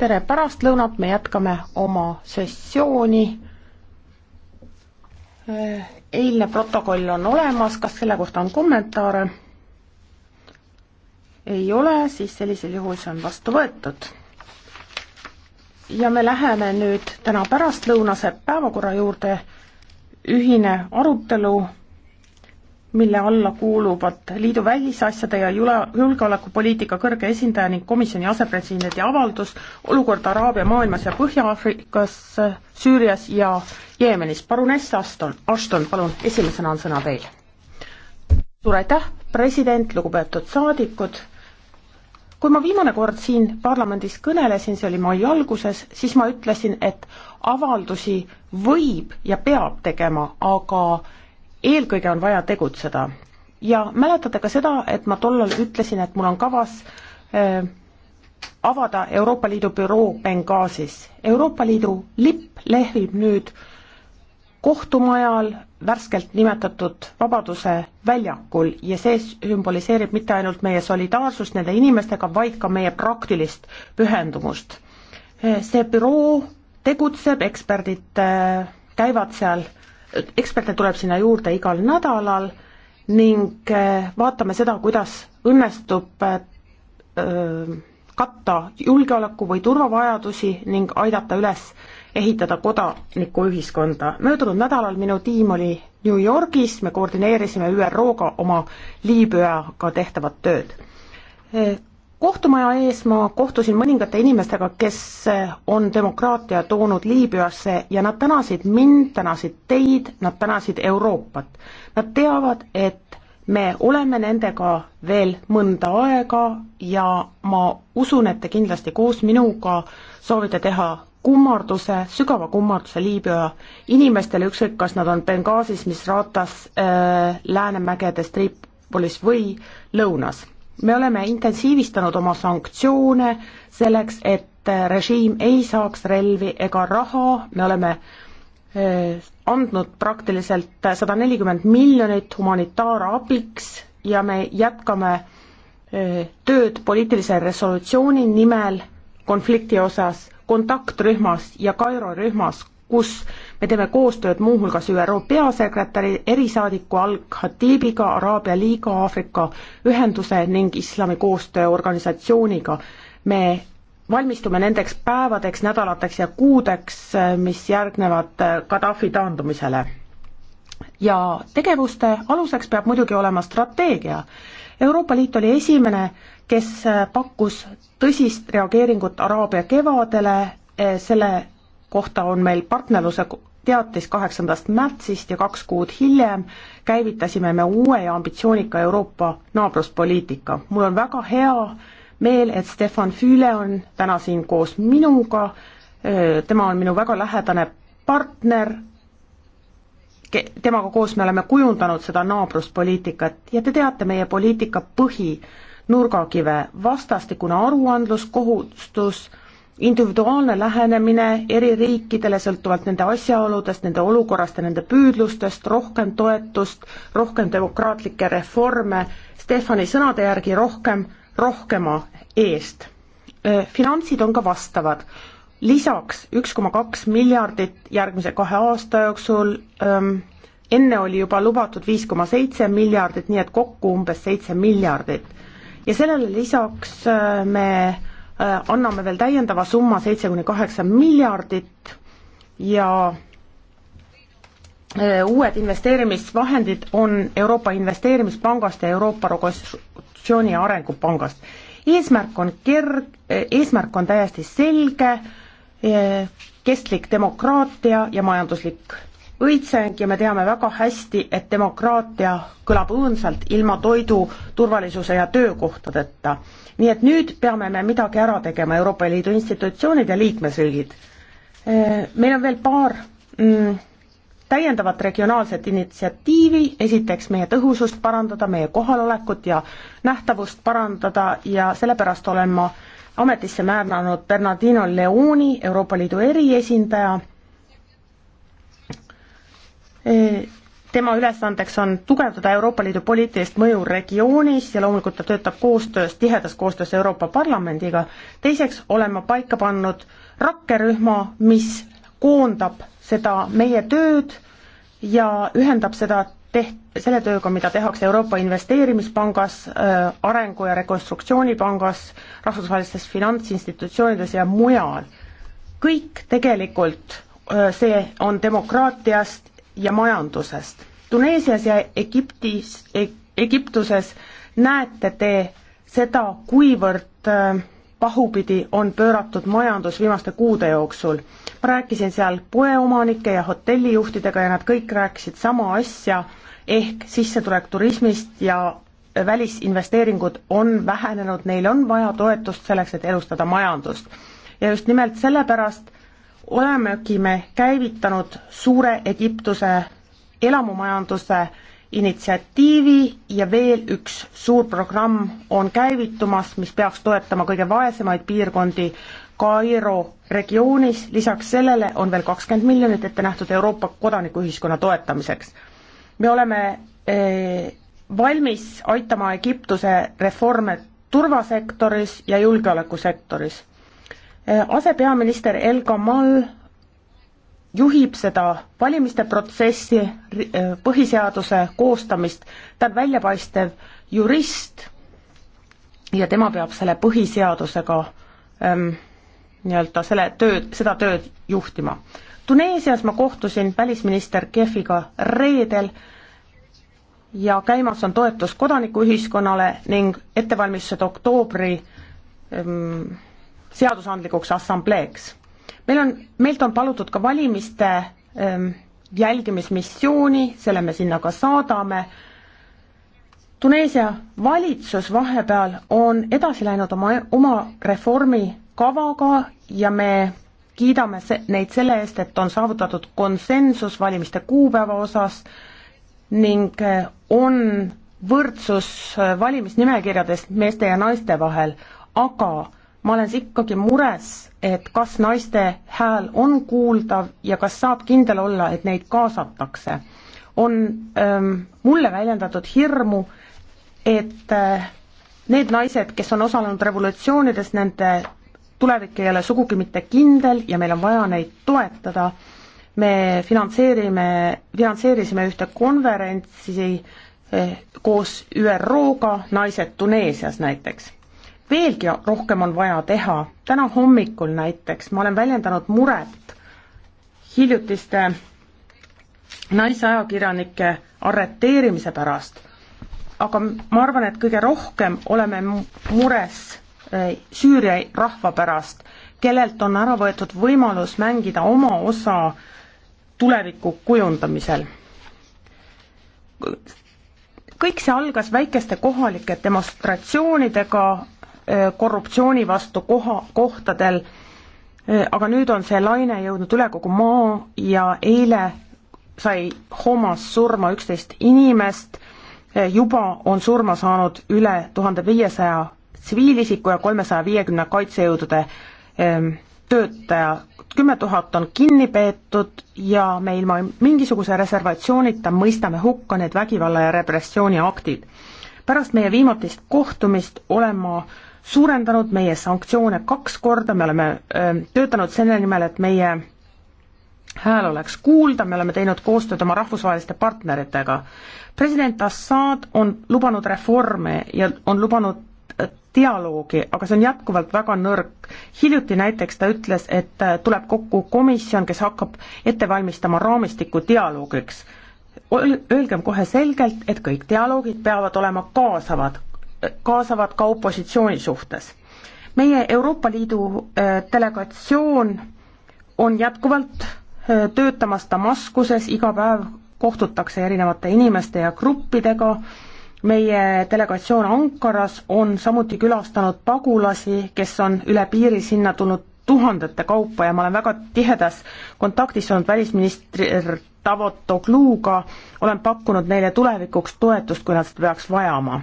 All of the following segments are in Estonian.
tere pärastlõunat, me jätkame oma sessiooni. Äh, eilne protokoll on olemas, kas selle kohta on kommentaare? ei ole, siis sellisel juhul see on vastu võetud. ja me läheme nüüd täna pärastlõunase päevakorra juurde, ühine arutelu mille alla kuuluvad liidu välisasjade ja julgeolekupoliitika kõrge esindaja ning komisjoni asepresidendi avaldus olukord Araabia maailmas ja Põhja-Aafrikas, Süürias ja Jeemenis. paruness Aston, Ashton, palun, esimesena on sõna teil. suur aitäh, president, lugupeetud saadikud, kui ma viimane kord siin parlamendis kõnelesin, see oli mai alguses, siis ma ütlesin, et avaldusi võib ja peab tegema, aga eelkõige on vaja tegutseda. ja mäletate ka seda, et ma tollal ütlesin, et mul on kavas äh, avada Euroopa Liidu büroo Benghazis. Euroopa Liidu lipp lehvib nüüd kohtumajal värskelt nimetatud Vabaduse väljakul ja see sümboliseerib mitte ainult meie solidaarsust nende inimestega, vaid ka meie praktilist pühendumust. Äh, see büroo tegutseb, eksperdid äh, käivad seal äh, eksperte tuleb sinna juurde igal nädalal ning äh, vaatame seda, kuidas õnnestub äh, katta julgeoleku või turvavajadusi ning aidata üles ehitada kodanikuühiskonda. möödunud nädalal minu tiim oli New Yorgis, me koordineerisime ÜRO-ga oma Liibüaga tehtavat tööd kohtumaja ees ma kohtusin mõningate inimestega, kes on demokraatia toonud Liibüasse ja nad tänasid mind, tänasid teid, nad tänasid Euroopat. Nad teavad, et me oleme nendega veel mõnda aega ja ma usun, et te kindlasti koos minuga soovite teha kummarduse, sügava kummarduse Liibüa inimestele, ükskõik kas nad on Benghazis, Misratas äh,, Läänemägedes, Tripolis või lõunas me oleme intensiivistanud oma sanktsioone selleks, et režiim ei saaks relvi ega raha, me oleme eh, andnud praktiliselt sada nelikümmend miljonit humanitaarabiks ja me jätkame eh, tööd poliitilise resolutsiooni nimel konflikti osas kontaktrühmas ja Kairo rühmas, kus äh, me teeme koostööd muuhulgas ÜRO peasekretäri, erisaadiku Al-Khatibiga, Araabia Liiga, Aafrika Ühenduse ning Islami Koostööorganisatsiooniga. me valmistume nendeks päevadeks, nädalateks ja kuudeks, mis järgnevad Gaddafi taandumisele. ja tegevuste aluseks peab muidugi olema strateegia. Euroopa Liit oli esimene, kes pakkus tõsist reageeringut Araabia kevadele, selle kohta on meil partnerluse teatis kaheksandast märtsist ja kaks kuud hiljem käivitasime me uue ja ambitsioonika Euroopa naabruspoliitika. mul on väga hea meel, et Stefan Füüle on täna siin koos minuga, tema on minu väga lähedane partner, temaga koos me oleme kujundanud seda naabruspoliitikat ja te teate meie poliitika põhi, nurgakive, vastastikune aruandluskohustus, individuaalne lähenemine eri riikidele sõltuvalt nende asjaoludest, nende olukorrast ja nende püüdlustest, rohkem toetust, rohkem demokraatlikke reforme, Stefani sõnade järgi rohkem rohkema eest. finantsid on ka vastavad. lisaks üks koma kaks miljardit järgmise kahe aasta jooksul ähm,, enne oli juba lubatud viis koma seitse miljardit, nii et kokku umbes seitse miljardit. ja sellele lisaks äh, me Äh, anname veel täiendava summa, seitse kuni kaheksa miljardit ja äh, uued investeerimisvahendid on Euroopa Investeerimispangast ja Euroopa Rogatsiooni ja Arengupangast. eesmärk on kerg-, äh, eesmärk on täiesti selge, kestlik demokraatia ja majanduslik õitseng ja me teame väga hästi, et demokraatia kõlab õõnsalt ilma toidu, turvalisuse ja töökohtadeta. nii et nüüd peame me midagi ära tegema, Euroopa Liidu institutsioonid ja liikmesriigid. Meil on veel paar mm, täiendavat regionaalset initsiatiivi, esiteks meie tõhusust parandada, meie kohalolekut ja nähtavust parandada ja sellepärast olen ma ametisse määranud Bernardino Leoni, Euroopa Liidu eriesindaja, tema ülesandeks on tugevdada Euroopa Liidu poliitilist mõju regioonis ja loomulikult ta töötab koostöös, tihedas koostöös Euroopa Parlamendiga, teiseks olen ma paika pannud rakkerühma, mis koondab seda meie tööd ja ühendab seda teht-, selle tööga, mida tehakse Euroopa Investeerimispangas äh,, Arengu- ja Rekonstruktsioonipangas, rahvusvahelistes finantsinstitutsioonides ja mujal. kõik tegelikult äh, see on demokraatiast ja majandusest. Tuneesias ja Egiptis e, Egiptuses näete te seda, kuivõrd äh, pahupidi on pööratud majandus viimaste kuude jooksul. ma rääkisin seal poeomanike ja hotellijuhtidega ja nad kõik rääkisid sama asja, ehk sissetulek turismist ja välisinvesteeringud on vähenenud, neil on vaja toetust selleks, et elustada majandust. ja just nimelt sellepärast olemegi me käivitanud suure Egiptuse elamumajanduse initsiatiivi ja veel üks suur programm on käivitumas, mis peaks toetama kõige vaesemaid piirkondi Kairo regioonis, lisaks sellele on veel kakskümmend miljonit ette nähtud Euroopa kodanikuühiskonna toetamiseks. me oleme eh, valmis aitama Egiptuse reforme turvasektoris ja julgeolekusektoris. Eh, asepeaminister El Gamal juhib seda valimiste protsessi, eh, põhiseaduse koostamist, ta on väljapaistev jurist ja tema peab selle põhiseadusega ähm, nii-öelda selle tööd, seda tööd juhtima. Tuneesias ma kohtusin välisminister Kefiga reedel ja käimas on toetus kodanikuühiskonnale ning ettevalmistused oktoobri ähm, seadusandlikuks assambleeks. meil on, meilt on palutud ka valimiste ähm, jälgimismissiooni, selle me sinna ka saadame. Tuneesia valitsus vahepeal on edasi läinud oma, oma reformikavaga ja me kiidame se-, neid selle eest, et on saavutatud konsensus valimiste kuupäeva osas ning äh, on võrdsus äh, valimisnimekirjades meeste ja naiste vahel, aga ma olen ikkagi mures, et kas naiste hääl on kuuldav ja kas saab kindel olla, et neid kaasatakse. on ähm, mulle väljendatud hirmu, et äh, need naised, kes on osalenud revolutsioonides, nende tulevik ei ole sugugi mitte kindel ja meil on vaja neid toetada, me finantseerime, finantseerisime ühte konverentsi eh, koos ÜRO-ga, Naised Tuneesias näiteks veelgi rohkem on vaja teha, täna hommikul näiteks ma olen väljendanud muret hiljutiste naisajakirjanike arreteerimise pärast, aga ma arvan, et kõige rohkem oleme mures eh, Süüria rahva pärast, kellelt on ära võetud võimalus mängida oma osa tuleviku kujundamisel kõik see algas väikeste kohalike demonstratsioonidega Äh, korruptsiooni vastu koha, kohtadel, äh, aga nüüd on see laine jõudnud üle kogu maa ja eile sai Homas surma üksteist inimest, äh, juba on surma saanud üle tuhande viiesaja tsiviilisiku ja kolmesaja viiekümne kaitsejõudude ähm, töötaja. kümme tuhat on kinni peetud ja me ilma mingisuguse reservatsioonita mõistame hukka need vägivalla ja repressiooni aktid. pärast meie viimatist kohtumist olen ma äh, suurendanud meie sanktsioone kaks korda, me oleme öö, töötanud selle nimel, et meie hääl oleks kuulda, me oleme teinud koostööd oma rahvusvaheliste partneritega. president Assad on lubanud reforme ja on lubanud äh, dialoogi, aga see on jätkuvalt väga nõrk. hiljuti näiteks ta ütles, et äh, tuleb kokku komisjon, kes hakkab ette valmistama raamistikku dialoogiks. Öelgem kohe selgelt, et kõik dialoogid peavad olema kaasavad, kaasavat ka opositsiooni suhtes. meie Euroopa Liidu äh, delegatsioon on jätkuvalt äh, töötamas Damaskuses, iga päev kohtutakse erinevate inimeste ja gruppidega, meie delegatsioon Ankaras on samuti külastanud pagulasi, kes on üle piiri sinna tulnud tuhandete kaupa ja ma olen väga tihedas kontaktis olnud välisminister Davot Togluga, olen pakkunud neile tulevikuks toetust, kui nad seda peaks vajama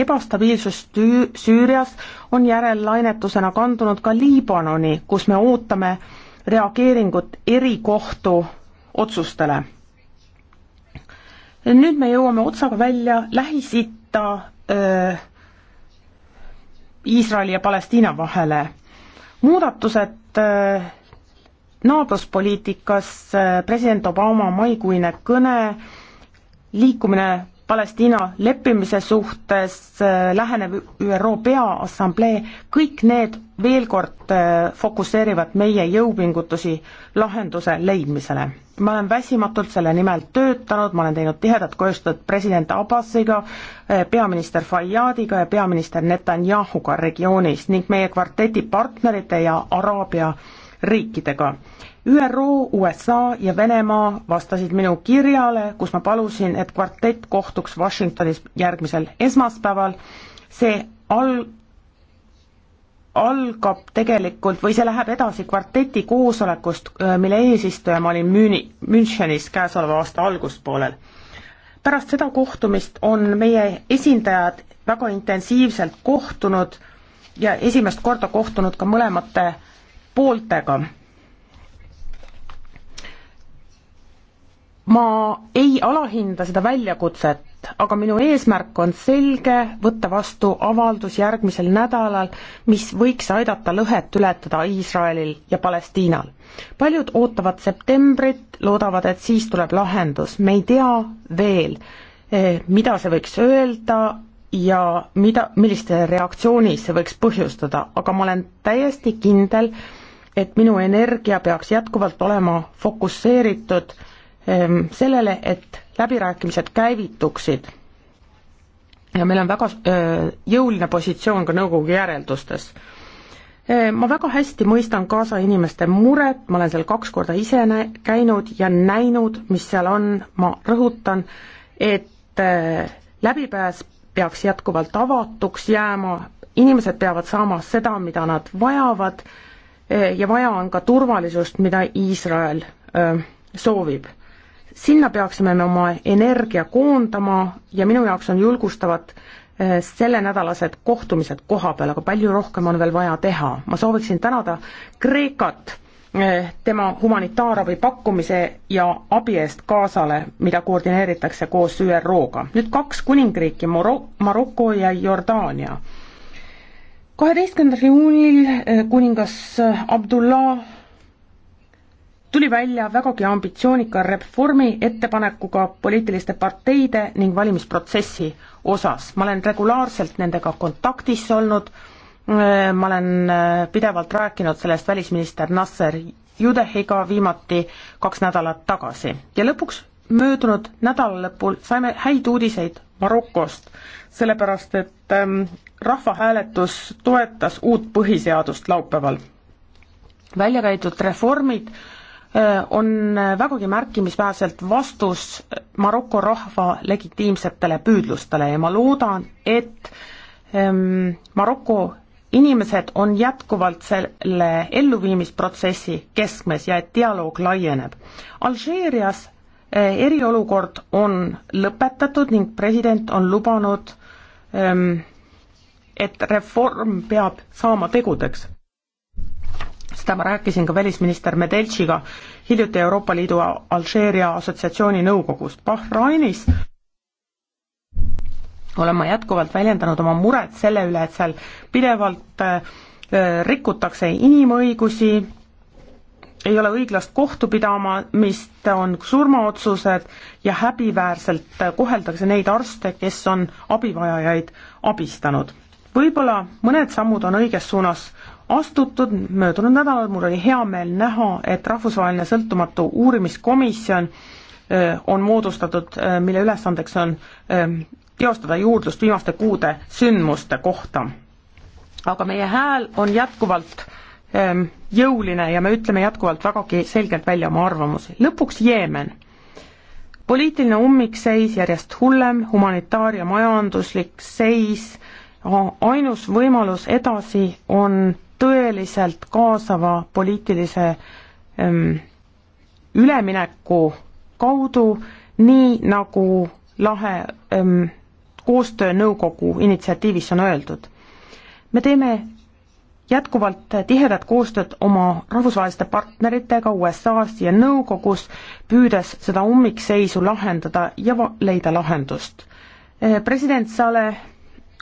ebastabiilsus tüü-, Süürias on järellainetusena kandunud ka Liibanoni, kus me ootame reageeringut erikohtu otsustele. nüüd me jõuame otsaga välja Lähis-Ita Iisraeli ja Palestiina vahele. muudatused öö, naabruspoliitikas, president Obama maikuine kõne, liikumine Palestiina leppimise suhtes äh, lähenev ÜRO Peaassamblee, kõik need veel kord äh, fokusseerivad meie jõupingutusi lahenduse leidmisele. ma olen väsimatult selle nimel töötanud, ma olen teinud tihedat koostööd president Abbasiga, äh, peaminister Fayyadiga ja peaminister Netanyahuga regioonis ning meie kvarteti partnerite ja Araabia riikidega ÜRO, USA ja Venemaa vastasid minu kirjale, kus ma palusin, et kvartett kohtuks Washingtonis järgmisel esmaspäeval. see al-, algab tegelikult või see läheb edasi kvarteti koosolekust, äh, mille eesistuja ma olin Müüni, Münchenis käesoleva aasta alguspoolel. pärast seda kohtumist on meie esindajad väga intensiivselt kohtunud ja esimest korda kohtunud ka mõlemate pooltega ma ei alahinda seda väljakutset, aga minu eesmärk on selge, võtta vastu avaldus järgmisel nädalal, mis võiks aidata lõhet ületada Iisraelil ja Palestiinal. paljud ootavad septembrit, loodavad, et siis tuleb lahendus, me ei tea veel, eh, mida see võiks öelda ja mida, milliste reaktsiooni see võiks põhjustada, aga ma olen täiesti kindel, et minu energia peaks jätkuvalt olema fokusseeritud Ehm, sellele, et läbirääkimised käivituksid. ja meil on väga jõuline positsioon ka nõukogu järeldustes. Ehm, ma väga hästi mõistan Gaza inimeste muret, ma olen seal kaks korda ise nä-, käinud ja näinud, mis seal on, ma rõhutan, et läbipääs peaks jätkuvalt avatuks jääma, inimesed peavad saama seda, mida nad vajavad e, ja vaja on ka turvalisust, mida Iisrael soovib sinna peaksime me oma energia koondama ja minu jaoks on julgustavad eh, sellenädalased kohtumised koha peal, aga palju rohkem on veel vaja teha. ma sooviksin tänada Kreekat eh, tema humanitaarabi pakkumise ja abi eest Gazale, mida koordineeritakse koos ÜRO-ga. nüüd kaks kuningriiki, Moro-, Maroko ja Jordaania. kaheteistkümnendal juunil eh, kuningas Abdullah tuli välja vägagi ambitsioonika reformi ettepanekuga poliitiliste parteide ning valimisprotsessi osas. ma olen regulaarselt nendega kontaktis olnud, äh, ma olen äh, pidevalt rääkinud sellest välisminister Nasser Judehiga viimati kaks nädalat tagasi ja lõpuks möödunud nädala lõpul saime häid uudiseid Marokost, sellepärast et ähm, rahvahääletus toetas uut põhiseadust laupäeval. välja käidud reformid äh, Äh, on äh, vägagi märkimisväärselt vastus Maroko rahva legitiimsetele püüdlustele ja ma loodan, et ähm, Maroko inimesed on jätkuvalt selle elluviimisprotsessi keskmes ja et dialoog laieneb. Alžeerias äh, eriolukord on lõpetatud ning president on lubanud, ähm, et reform peab saama tegudeks seda ma rääkisin ka välisminister Medeltšiga hiljuti Euroopa Liidu Alžeeria Assotsiatsiooni nõukogus Bahrainis olen ma jätkuvalt väljendanud oma muret selle üle, et seal pidevalt äh, rikutakse inimõigusi, ei ole õiglast kohtupidamist, on surmaotsused ja häbiväärselt äh, koheldakse neid arste, kes on abivajajaid abistanud. võib-olla mõned sammud on õiges suunas astutud, möödunud nädalal mul oli hea meel näha, et rahvusvaheline sõltumatu uurimiskomisjon on moodustatud, mille ülesandeks on teostada juurdlust viimaste kuude sündmuste kohta. aga meie hääl on jätkuvalt jõuline ja me ütleme jätkuvalt vägagi selgelt välja oma arvamusi. lõpuks Jeemen. poliitiline ummikseis, järjest hullem humanitaar- ja majanduslik seis, ainus võimalus edasi on tõeliselt kaasava poliitilise ähm, ülemineku kaudu, nii nagu lahe öm, ähm, koostöönõukogu initsiatiivis on öeldud. me teeme jätkuvalt tihedat koostööd oma rahvusvaheliste partneritega USA-s ja nõukogus, püüdes seda ummikseisu lahendada ja leida lahendust. Äh, president Saleh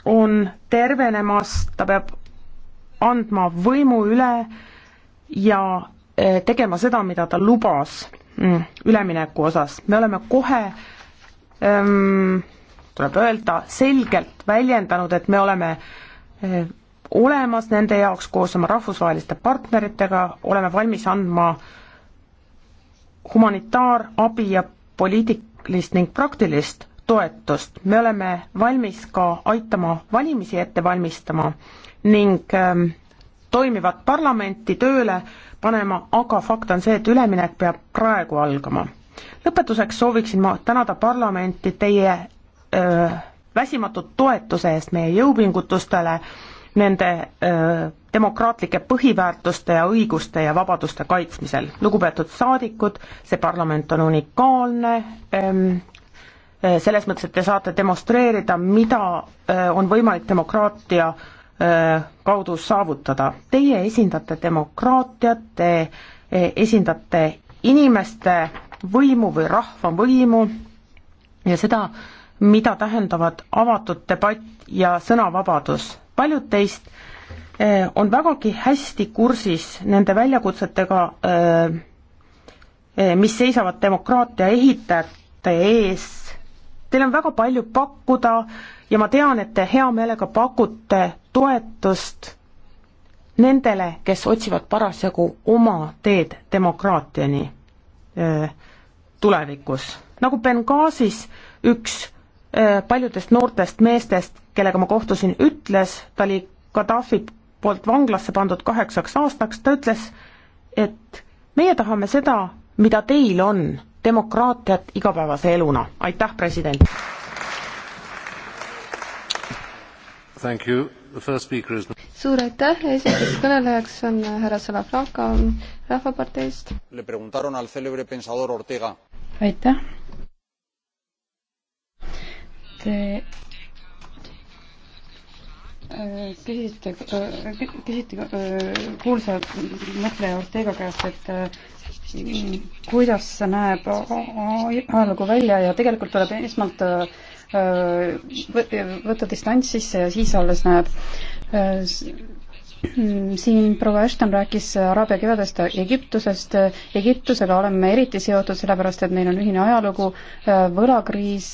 on tervenemas, ta peab andma võimu üle ja eh, tegema seda, mida ta lubas mm, ülemineku osas. me oleme kohe ähm, tuleb öelda, selgelt väljendanud, et me oleme äh, olemas nende jaoks koos oma rahvusvaheliste partneritega, oleme valmis andma humanitaarabi ja poliitilist ning praktilist toetust, me oleme valmis ka aitama valimisi ette valmistama ning ähm, toimivat parlamenti tööle panema, aga fakt on see, et üleminek peab praegu algama. lõpetuseks sooviksin ma tänada parlamenti teie öö, väsimatut toetuse eest meie jõupingutustele, nende öö, demokraatlike põhiväärtuste ja õiguste ja vabaduste kaitsmisel. lugupeetud saadikud, see parlament on unikaalne, selles mõttes, et te saate demonstreerida, mida öö, on võimalik demokraatia öö, Äh, kaudu saavutada. Teie esindate demokraatiat, te äh, esindate inimeste võimu või rahva võimu ja seda, mida tähendavad avatud debatt ja sõnavabadus. paljud teist äh, on vägagi hästi kursis nende väljakutsetega, mis seisavad demokraatia ehitajate ees. Teil on väga palju pakkuda ja ma tean, et te hea meelega pakute toetust nendele, kes otsivad parasjagu oma teed demokraatiani tulevikus. nagu Benghazis üks paljudest noortest meestest, kellega ma kohtusin, ütles, ta oli Gaddafi poolt vanglasse pandud kaheksaks aastaks, ta ütles, et meie tahame seda, mida teil on, demokraatiat igapäevase eluna. aitäh, president! Thank you. Is... suur aitäh, esimeseks kõnelejaks on härra Salafranca Rahvaparteist. aitäh. Te äh, küsisite, äh, küsite äh, kuulsa mõtleja Ortega käest, et kuidas see näeb ajalugu välja ja tegelikult tuleb esmalt Äh, võtta distants sisse ja siis alles näeb. Äh, siin proua Ashton rääkis Araabia kevadest Egiptusest. Egiptusega oleme eriti seotud, sellepärast et meil on ühine ajalugu, äh, võlakriis,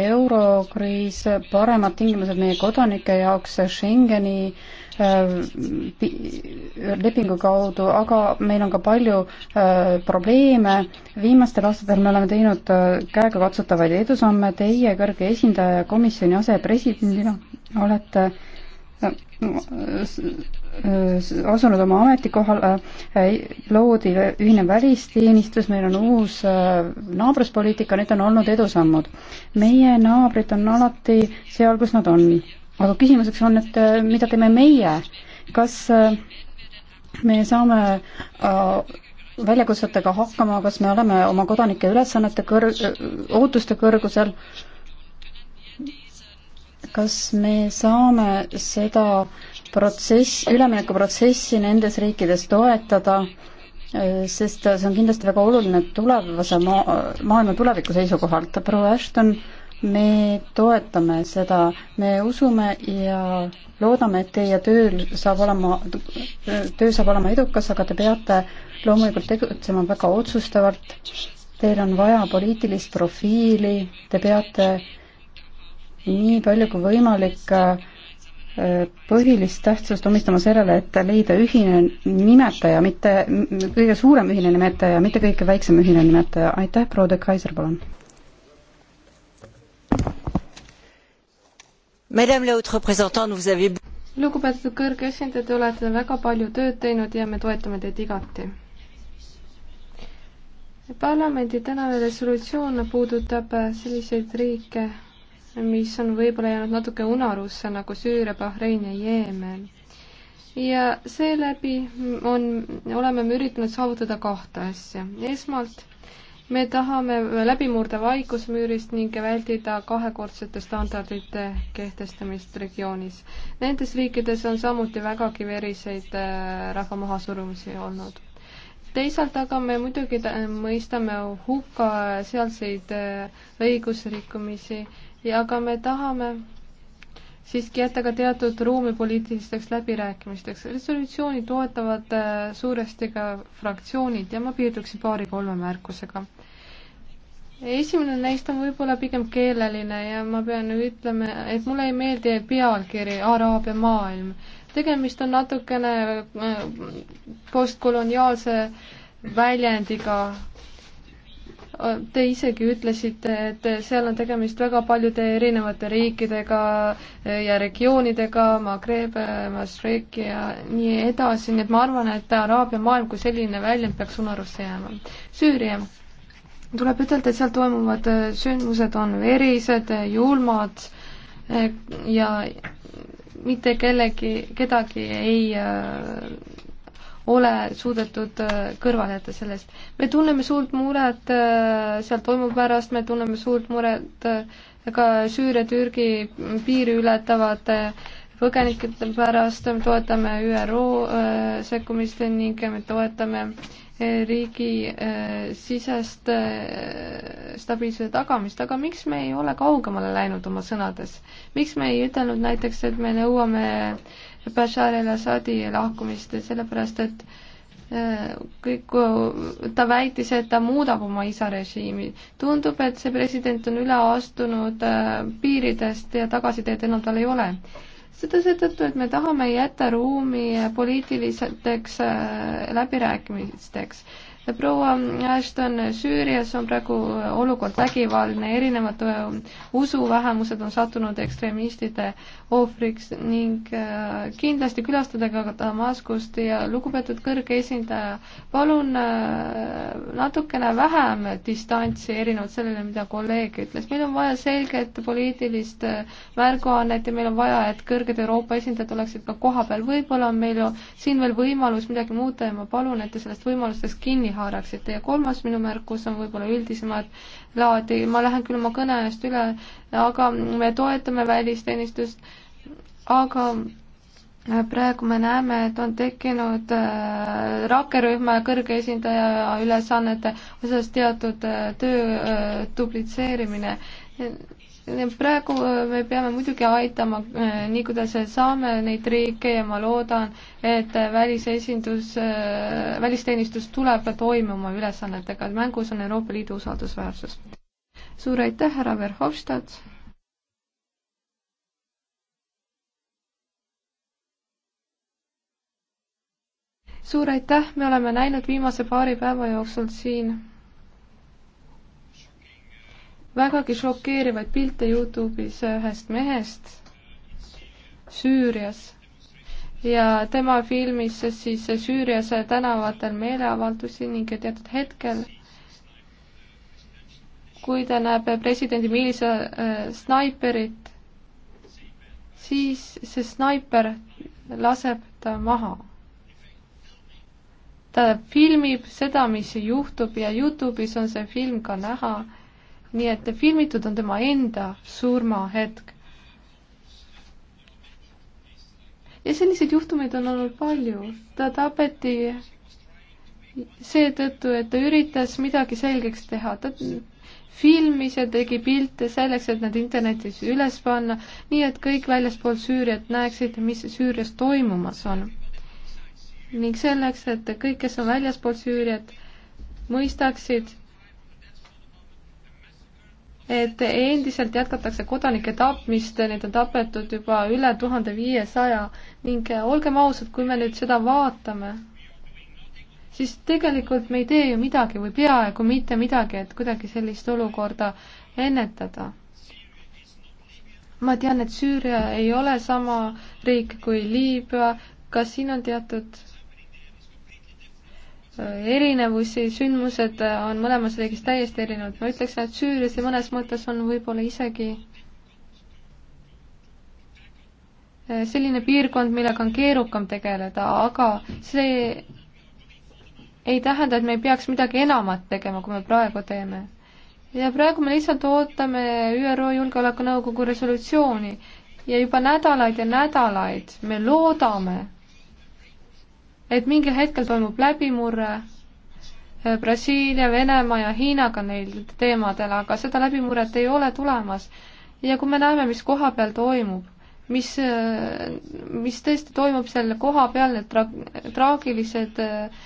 eurokriis, paremad tingimused meie kodanike jaoks, Schengeni äh, Äh, lepingu kaudu, aga meil on ka palju äh, probleeme. viimastel aastatel me oleme teinud äh, käegakatsutavaid edusamme, teie kõrge esindaja ja komisjoni asepresidendina olete asunud oma ametikohale, loodi ühine välisteenistus, meil on uus naabruspoliitika, need on olnud edusammud. meie naabrid on alati seal, kus nad on aga küsimuseks on, et äh, mida teeme meie, kas äh, me saame äh, väljakutsetega hakkama, kas me oleme oma kodanike ülesannete kõr-, ootuste kõrgusel, kas me saame seda protsess, üleminekuprotsessi nendes riikides toetada, sest see on kindlasti väga oluline tulevase maa, maailma tuleviku seisukohalt. proua Ashton äh, me toetame seda, me usume ja loodame, et teie tööl saab olema, töö saab olema edukas, aga te peate loomulikult tegutsema väga otsustavalt. Teil on vaja poliitilist profiili, te peate nii palju kui võimalik äh, põhilist tähtsust omistama sellele, et leida ühine nimetaja, mitte kõige suurem ühine nimetaja, mitte kõige väiksem ühine nimetaja. aitäh, proua de Kaiser, palun! lugupeetud kõrge esindaja, te olete väga palju tööd teinud ja me toetame teid igati. parlamendi tänane resolutsioon puudutab äh, selliseid riike, mis on võib-olla jäänud natuke unarusse nagu Süüria, Bahrein ja Jeemen. ja seeläbi on, oleme me üritanud saavutada kahte asja. esmalt me tahame läbimurde vaikusmüürist ning väldida kahekordsete standardite kehtestamist regioonis. Nendes riikides on samuti vägagi veriseid äh, rahva mahasurumisi olnud. teisalt aga me muidugi mõistame hukka sealseid äh, õigusrikkumisi ja ka me tahame siiski jätta ka teatud ruumi poliitilisteks läbirääkimisteks. resolutsiooni toetavad äh, suuresti ka fraktsioonid ja ma piirduksin paari-kolme märkusega esimene neist on võib-olla pigem keeleline ja ma pean ütlema, et mulle ei meeldi pealkiri Araabia maailm. tegemist on natukene äh, postkoloniaalse väljendiga. Te isegi ütlesite, et seal on tegemist väga paljude erinevate riikidega äh, ja regioonidega, Maghreb, äh, Maastricht ja nii edasi, nii et ma arvan, et Araabia maailm kui selline väljend peaks unarusse jääma. Süüria tuleb ütelda, et seal toimuvad äh, sündmused on verised, äh, julmad äh, ja mitte kellegi, kedagi ei ole suudetud kõrvale jätta sellest. me tunneme suurt muret seal toimuv pärast, me tunneme suurt muret ka Süüria-Türgi piiri ületavate põgenike pärast, me toetame ÜRO sekkumist ning me toetame äh, riigi äh, sisest äh, stabiilsuse tagamist, aga miks me ei ole kaugemale läinud oma sõnades? miks me ei ütelnud näiteks, et me nõuame Bashar el-Assadi lahkumist, sellepärast et äh, kõik, ta väitis, et ta muudab oma isa režiimi. tundub, et see president on üle astunud piiridest ja tagasiteed enam tal ei ole seda seetõttu, et me tahame jätta ruumi poliitilisteks äh, läbirääkimisteks proua Ashton, Süürias on praegu olukord vägivaldne, erinevad äh, usuvähemused on sattunud ekstremistide ohvriks ning äh, kindlasti külastada ka Damaskust ja lugupeetud kõrge esindaja, palun äh, natukene vähem distantsi erinevalt sellele, mida kolleeg ütles. meil on vaja selget poliitilist märguannet ja meil on vaja, et kõrged Euroopa esindajad oleksid ka kohapeal. võib-olla on meil siin veel võimalus midagi muuta ja ma palun, et te sellest võimalusest kinni haaraksid. ja kolmas minu märkus on võib-olla üldisemad laadi, ma lähen küll oma kõne eest üle, aga me toetame välisteenistust, aga praegu me näeme, et on tekkinud äh, rakkerühma ja kõrge esindaja ülesannete osas teatud äh, töö äh, duplitseerimine praegu äh, me peame muidugi aitama, äh, nii kuidas saame neid riike ja ma loodan, et äh, välisesindus, välisteenistus tuleb toime oma ülesannetega, mängus on Euroopa Liidu usaldusväärsus. suur aitäh, härra Verhofstadt. suur aitäh, me oleme näinud viimase paari päeva jooksul siin vägagi šokeerivaid pilte Youtube'is ühest mehest Süürias ja tema filmis siis Süürias tänavatel meeleavaldusi ning teatud hetkel, kui ta näeb presidendi Miilise äh, snaiperit, siis see snaiper laseb ta maha. ta filmib seda, mis juhtub ja Youtube'is on see film ka näha nii et filmitud on tema enda surmahetk. ja selliseid juhtumeid on olnud palju, ta tapeti seetõttu, et ta üritas midagi selgeks teha, ta filmis ja tegi pilte selleks, et nad internetis üles panna, nii et kõik väljaspool Süüriat näeksid, mis Süürias toimumas on. ning selleks, et kõik, kes on väljaspool Süüriat, mõistaksid, et endiselt jätkatakse kodanike tapmist, neid on tapetud juba üle tuhande viiesaja ning olgem ausad, kui me nüüd seda vaatame, siis tegelikult me ei tee ju midagi või peaaegu mitte midagi, et kuidagi sellist olukorda ennetada. ma tean, et Süüria ei ole sama riik kui Liibüa, kas siin on teatud erinevusi, sündmused on mõlemas riigis täiesti erinevad. ma ütleksin, et Süürias ja mõnes mõttes on võib-olla isegi selline piirkond, millega on keerukam tegeleda, aga see ei tähenda, et me ei peaks midagi enamat tegema, kui me praegu teeme. ja praegu me lihtsalt ootame ÜRO Julgeolekunõukogu resolutsiooni ja juba nädalaid ja nädalaid me loodame et mingil hetkel toimub läbimurre eh, Brasiilia, Venemaa ja Hiinaga neil teemadel, aga seda läbimurret ei ole tulemas. ja kui me näeme, mis koha peal toimub, mis, eh, mis tõesti toimub seal koha peal, need tra-, traagilised äh,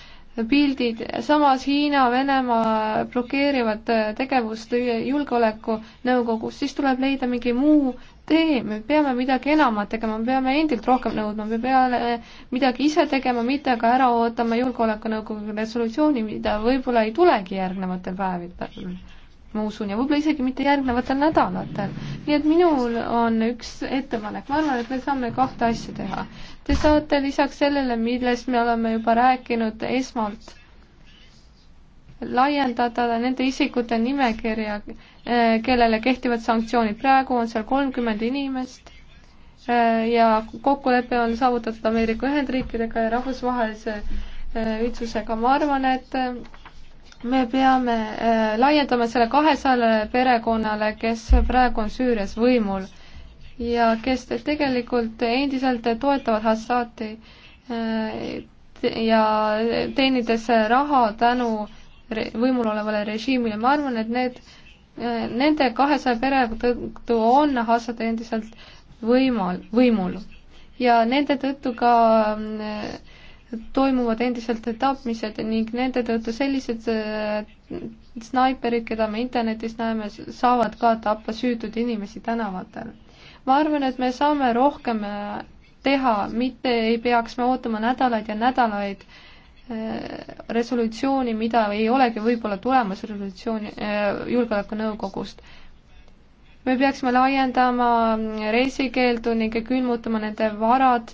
pildid, samas Hiina, Venemaa blokeerivad äh, tegevust Julgeolekunõukogus, siis tuleb leida mingi muu tee, me peame midagi enamat tegema, me peame endilt rohkem nõudma, me peame äh, midagi ise tegema, mitte aga ära ootama Julgeolekunõukogu resolutsiooni, mida võib-olla ei tulegi järgnevatel päevadel, ma usun, ja võib-olla isegi mitte järgnevatel nädalatel. nii et minul on üks ettepanek, ma arvan, et me saame kahte asja teha Te saate lisaks sellele, millest me oleme juba rääkinud esmalt, laiendada nende isikute nimekirja, eh, kellele kehtivad sanktsioonid. praegu on seal kolmkümmend inimest eh, ja kokkulepe on saavutatud Ameerika Ühendriikidega ja rahvusvahelise eh, üldsusega. ma arvan, et me peame laiendama selle kahesajale perekonnale, kes praegu on Süürias võimul ja kes tegelikult endiselt toetavad Assati äh, ja teenides raha tänu võimul olevale režiimile, ma arvan, et need, äh, nende kahesaja pere tõttu on Assad endiselt võimal, võimul. ja nende tõttu ka äh, toimuvad endiselt tapmised ning nende tõttu sellised snaiperid, keda me internetis näeme, saavad ka tappa süütuid inimesi tänavatel ma arvan, et me saame rohkem äh, teha, mitte ei peaks me ootama nädalaid ja nädalaid äh, resolutsiooni, mida ei olegi võib-olla tulemas resolutsiooni äh, Julgeolekunõukogust. me peaksime laiendama reisikeeldu ning külmutama nende varad,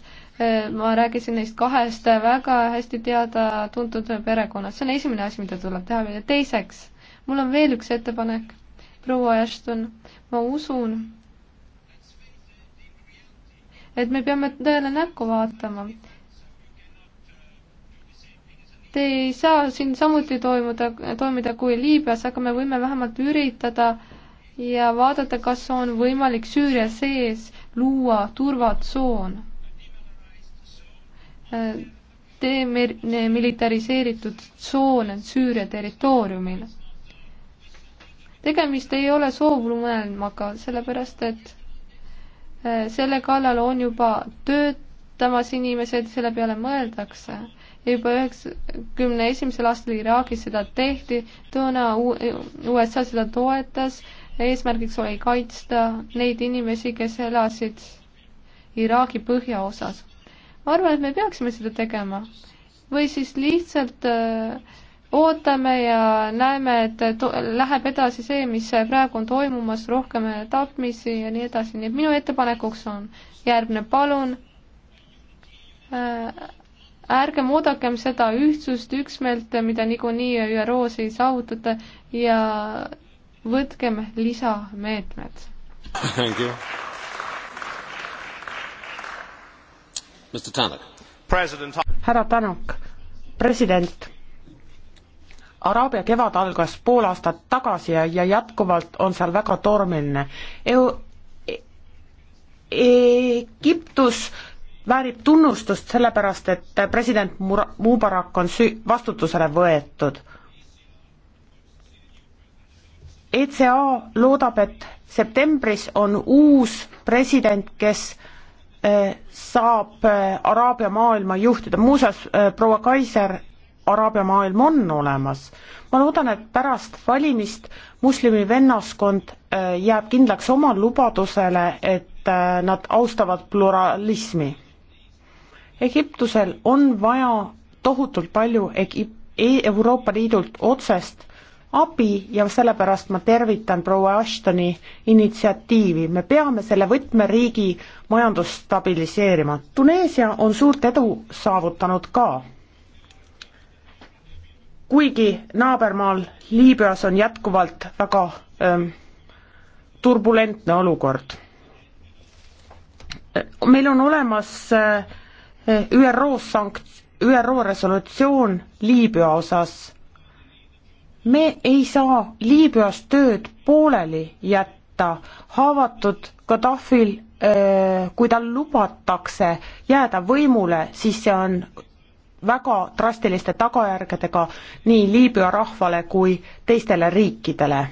ma rääkisin neist kahest väga hästi teada-tuntud perekonnast, see on esimene asi, mida tuleb teha ja teiseks, mul on veel üks ettepanek, proua Ashton, ma usun, et me peame tõele näkku vaatama. Te ei saa siin samuti toimuda, toimida kui Liibüas, aga me võime vähemalt üritada ja vaadata, kas on võimalik Süüria sees luua turvatsoon demilitariseeritud tsoon Süüria territooriumil. tegemist ei ole soovumaailmaga, sellepärast et Äh, selle kallal on juba töötamas inimesed, selle peale mõeldakse. juba üheksakümne esimesel aastal Iraagis seda tehti, toona USA seda toetas, eesmärgiks oli kaitsta neid inimesi, kes elasid Iraagi põhjaosas. ma arvan, et me peaksime seda tegema või siis lihtsalt äh, ootame ja näeme, et läheb edasi see, mis praegu on toimumas, rohkem tapmisi ja nii edasi, nii et minu ettepanekuks on järgmine, palun äh, ärgem oodakem seda ühtsust, üksmeelt, mida niikuinii ÜRO-s ei saavutata ja võtkem lisameetmed. härra Tanak, president Araabia kevad algas pool aastat tagasi ja, ja jätkuvalt on seal väga tormiline EU. E- Egiptus väärib tunnustust sellepärast, et president Mura-, Mubarak on süü-, vastutusele võetud. ECA loodab, et septembris on uus president, kes eh, saab eh, Araabia maailma juhtida, muuseas eh, proua Kaiser araabia maailm on olemas. ma loodan, et pärast valimist moslemi vennaskond äh, jääb kindlaks oma lubadusele, et äh, nad austavad pluralismi. Egiptusel on vaja tohutult palju Egip-, e-, Euroopa Liidult otsest abi ja sellepärast ma tervitan proua Ashtoni initsiatiivi, me peame selle võtmeriigi majandust stabiliseerima. Tuneesia on suurt edu saavutanud ka kuigi naabermaal Liibüas on jätkuvalt väga ähm, turbulentne olukord. meil on olemas äh, ÜRO sankt-, ÜRO resolutsioon Liibüa osas. me ei saa Liibüas tööd pooleli jätta, haavatud Gaddafil äh,, kui tal lubatakse jääda võimule, siis see on väga drastiliste tagajärgedega nii Liibüa rahvale kui teistele riikidele.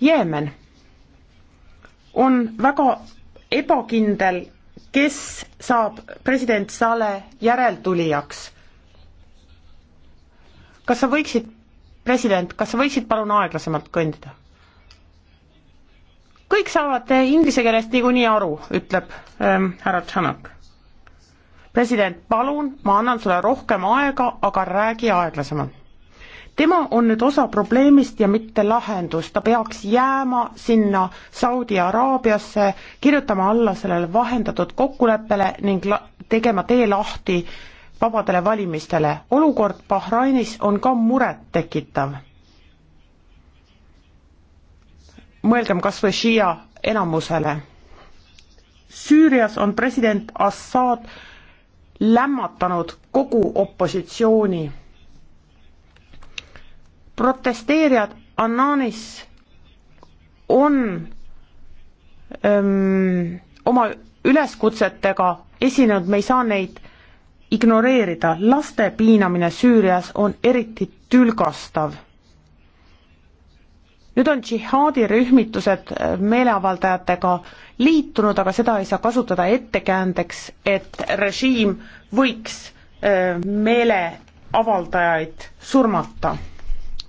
Jeemen on väga ebakindel, kes saab president Saleh järeltulijaks. kas sa võiksid, president, kas sa võiksid palun aeglasemalt kõndida? kõik saavad inglise keelest niikuinii aru, ütleb ähm, härra Tšanak president, palun, ma annan sulle rohkem aega, aga räägi aeglasemalt. tema on nüüd osa probleemist ja mitte lahendus, ta peaks jääma sinna Saudi Araabiasse, kirjutama alla sellele vahendatud kokkuleppele ning la-, tegema tee lahti vabadele valimistele. olukord Bahrainis on ka murettekitav. mõelgem kas või Shia enamusele. Süürias on president Assad lämmatanud kogu opositsiooni. protesteerijad Annanis on öö, oma üleskutsetega esinenud, me ei saa neid ignoreerida, laste piinamine Süürias on eriti tülgastav nüüd on džihaadirühmitused äh, meeleavaldajatega liitunud, aga seda ei saa kasutada ettekäändeks, et režiim võiks äh, meeleavaldajaid surmata.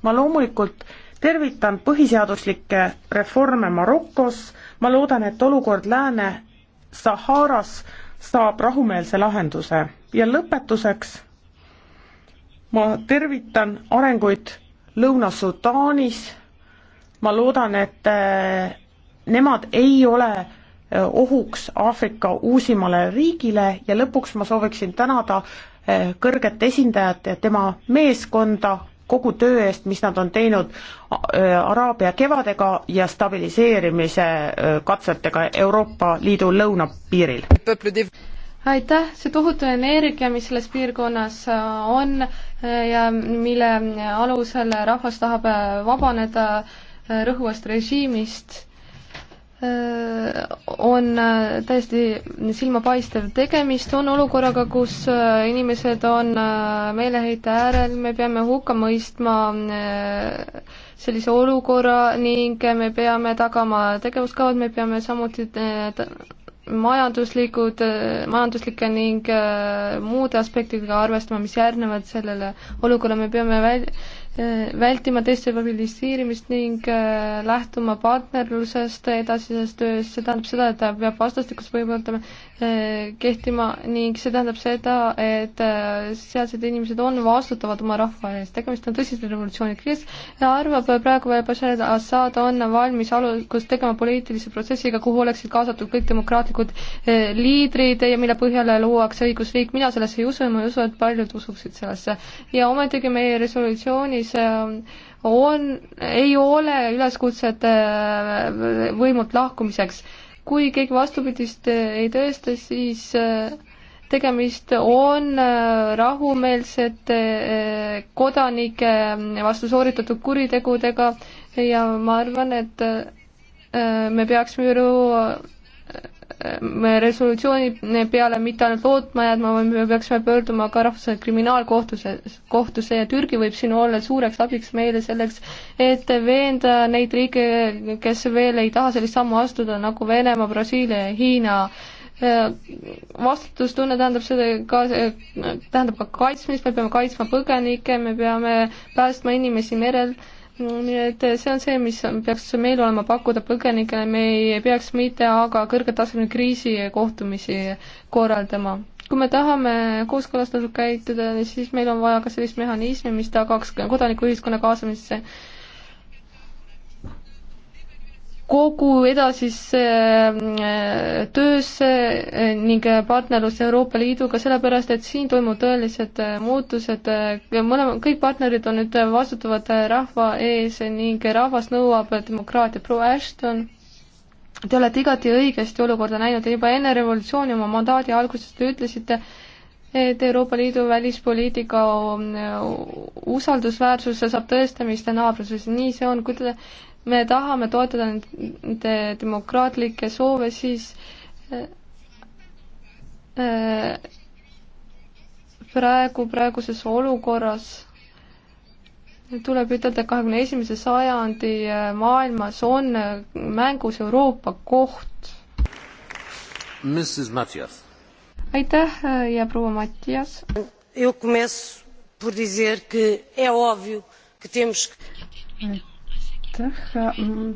ma loomulikult tervitan põhiseaduslikke reforme Marokos, ma loodan, et olukord Lääne-Saharas saab rahumeelse lahenduse ja lõpetuseks ma tervitan arenguid Lõuna-Sudaanis, ma loodan, et äh, nemad ei ole äh, ohuks Aafrika uusimale riigile ja lõpuks ma sooviksin tänada äh, kõrget esindajat ja tema meeskonda kogu töö eest, mis nad on teinud Araabia kevadega ja stabiliseerimise katsetega Euroopa Liidu lõunapiiril. aitäh, see tohutu energia, mis selles piirkonnas on ja mille alusel rahvas tahab vabaneda rõhuvast režiimist äh, on äh, täiesti silmapaistev. tegemist on olukorraga, kus äh, inimesed on meeleheite äärel, me peame hukka mõistma sellise olukorra ning me peame tagama tegevuskavad, me peame samuti majanduslikud, majanduslike ning muude aspektidega arvestama, mis järgnevad sellele olukorrale, me peame väl-, Äh, vältima destabiliseerimist ning äh, lähtuma partnerlusest edasises töös, see tähendab seda, et ta peab vastastikust põhimõttele äh, kehtima ning see tähendab seda, et sealsed inimesed on vastutavad oma rahva ees, tegemist on tõsise revolutsiooniga, kes arvab praegu veel Bashar al-Assad on valmis algust tegema poliitilise protsessiga, kuhu oleksid kaasatud kõik demokraatlikud liidrid ja mille põhjal luuakse õigusriik, mina sellesse ei usu ja ma ei usu, et paljud usuksid sellesse. ja ometigi meie resolutsioonis siis ähm, on, ei ole üleskutset äh, võimult lahkumiseks. kui keegi vastupidist äh, ei tõesta, siis äh, tegemist on rahumeelsete kodanike vastu sooritatud kuritegudega ja ma arvan, et me peaksime ÜRO me resolutsiooni peale mitte ainult lootma jääma, vaid me peaksime pöörduma ka rahvusvahelise kriminaalkohtuse, kohtusse ja Türgi võib siin olla suureks abiks meile selleks, et veenda neid riike, kes veel ei taha sellist sammu astuda, nagu Venemaa, Brasiilia ja Hiina vastutustunne tähendab seda ka, tähendab ka kaitsmist, me peame kaitsma põgenikke, me peame päästma inimesi merel nii et see on see, mis peaks meil olema pakkuda põgenikele, me ei peaks mitte aga kõrgetasemel kriisikohtumisi korraldama. kui me tahame kooskõlastatult käituda, siis meil on vaja ka sellist mehhanismi, mis tagaks kodanikuühiskonna kaasamisse kogu edasisse äh, töösse äh, ning äh, partnerlusse Euroopa Liiduga, sellepärast et siin toimub tõelised muutused, mõlema, kõik partnerid on nüüd vastutavad rahva ees ning rahvas nõuab demokraatiat. proua Ashton, te olete igati õigesti olukorda näinud ja juba enne revolutsiooni oma mandaadi alguses te ütlesite, et Euroopa Liidu välispoliitika usaldusväärsuse saab tõestamist naabruses, nii see on, kui te me tahame toetada nende demokraatlikke soove, siis äh, äh, praegu, praeguses olukorras tuleb ütelda, et kahekümne esimese sajandi äh, maailmas on mängus Euroopa koht. aitäh ja proua Mattias. aitäh aitäh. Mm,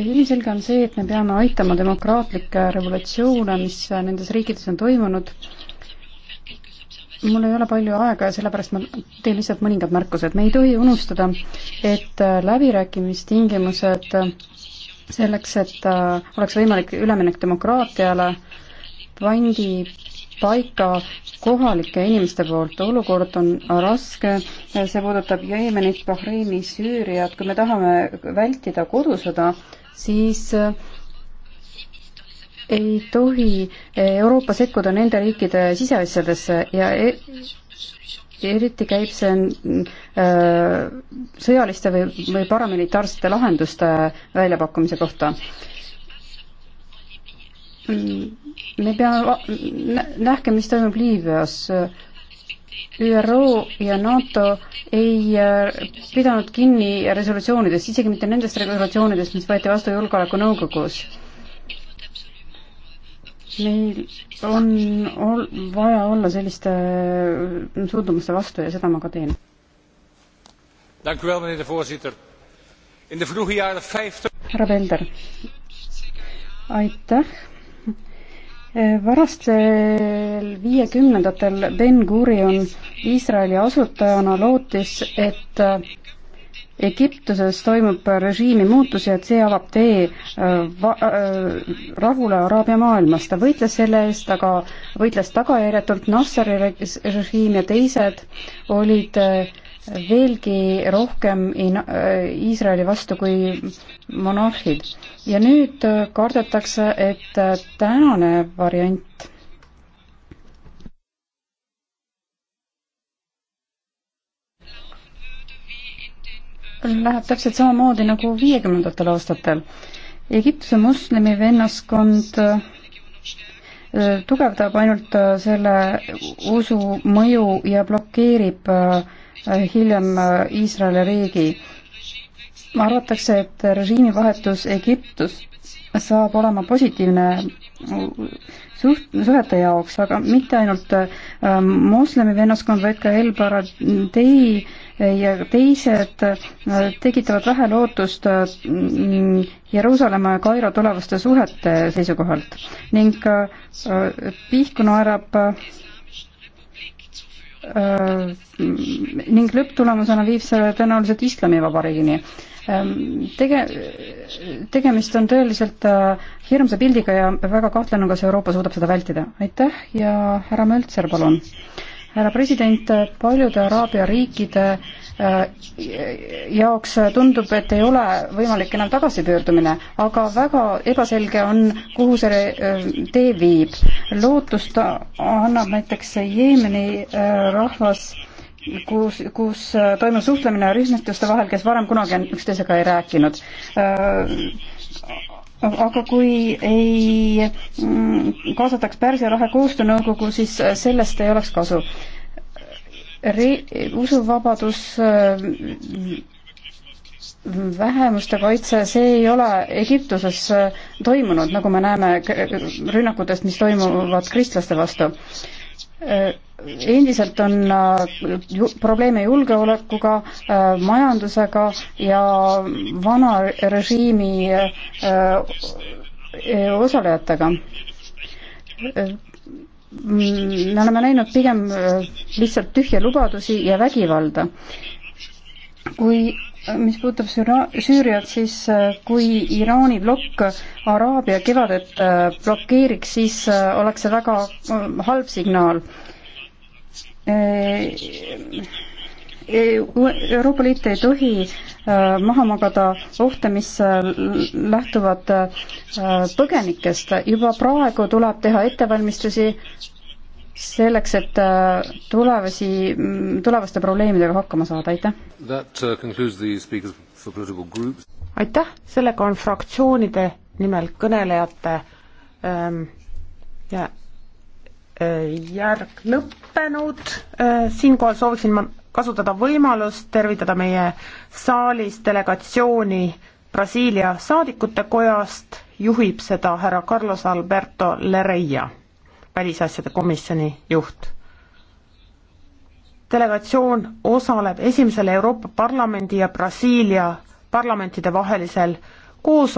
ilmselge on see, et me peame aitama demokraatlikke revolutsioone, mis nendes riikides on toimunud. mul ei ole palju aega ja sellepärast ma teen lihtsalt mõningad märkused. me ei tohi unustada, et läbirääkimistingimused selleks, et oleks võimalik üleminek demokraatiale, pandi paika kohalike inimeste poolt. olukord on raske, see puudutab Jeemenit, Bahreini, Süüriat, kui me tahame vältida kodusõda, siis eh, ei tohi eh, Euroopa sekkuda nende riikide siseasjadesse ja e-, eriti käib see äh, sõjaliste või, või paramilitaarsete lahenduste väljapakkumise kohta mm me peame, nähke, mis toimub Liibüas. ÜRO ja NATO ei äh, pidanud kinni resolutsioonidest, isegi mitte nendest resolutsioonidest, mis võeti vastu Julgeolekunõukogus meil on ol, vaja olla selliste äh, suundumuste vastu ja seda ma ka teen. härra Pelder, aitäh varastel viiekümnendatel Ben Gurion Iisraeli asutajana lootis, et äh, Egiptuses toimub režiimi muutus ja et see avab tee äh, va-, äh, rahule Araabia maailmas. ta võitles selle eest, aga võitles tagajärjetult Nasseri režiim ja teised olid äh, veelgi rohkem äh, Iisraeli vastu kui monarhid. ja nüüd äh, kardetakse, et äh, tänane variant läheb täpselt samamoodi nagu viiekümnendatel aastatel. Egiptuse moslemi vennaskond tugevdab ainult selle usu mõju ja blokeerib äh, Äh, hiljem äh, Iisraeli riigi. arvatakse, et režiimivahetus Egiptus saab olema positiivne äh, suht-, suhete jaoks, aga mitte ainult moslemi vennaskond, vaid ka El Baradei ja teised tekitavad vähe lootust Jeruusalemma ja Kairo tulevaste suhete seisukohalt ning pihku naerab Äh, ning lõpptulemusena viib see tõenäoliselt Islamivabariigini. Ähm, tege-, tegemist on tõeliselt äh, hirmsa pildiga ja väga kahtlen on, kas Euroopa suudab seda vältida. aitäh ja härra Möltser, palun. härra president, paljude Araabia riikide äh, Äh, jaoks tundub, et ei ole võimalik enam tagasipöördumine, aga väga ebaselge on, kuhu see äh, tee viib. lootust annab näiteks Jeemeni äh, rahvas kus, kus toimub suhtlemine rühmituste vahel, kes varem kunagi üksteisega ei rääkinud. aga kui ei mm, kaasataks Pärsia lahe koostöönõukogu, siis sellest ei oleks kasu re-, usuvabadus, äh, vähemuste kaitse, see ei ole Egiptuses äh, toimunud, nagu me näeme rünnakutest, mis toimuvad kristlaste vastu. Äh, endiselt on ju, probleeme julgeolekuga, majandusega ja vana režiimi osalejatega Mm, me oleme näinud pigem äh, lihtsalt tühje lubadusi ja vägivalda. kui äh, mis puudutab Süüriat, siis äh, kui Iraani plokk Araabia kevadet blokeeriks, siis oleks see väga halb signaal Euroopa Liit ei tohi äh, maha magada ohte, mis äh, lähtuvad äh, põgenikest. juba praegu tuleb teha ettevalmistusi selleks, et tulevasi, mm, tulevaste probleemidega hakkama saada, aitäh! Uh, aitäh, sellega on fraktsioonide nimel kõnelejate ähm, ja järg lõppenud, siinkohal sooviksin ma kasutada võimalust tervitada meie saalis delegatsiooni Brasiilia saadikute kojast, juhib seda härra Carlos Alberto Lereia, välisasjade komisjoni juht. delegatsioon osaleb esimesel Euroopa Parlamendi ja Brasiilia parlamentide vahelisel koos-.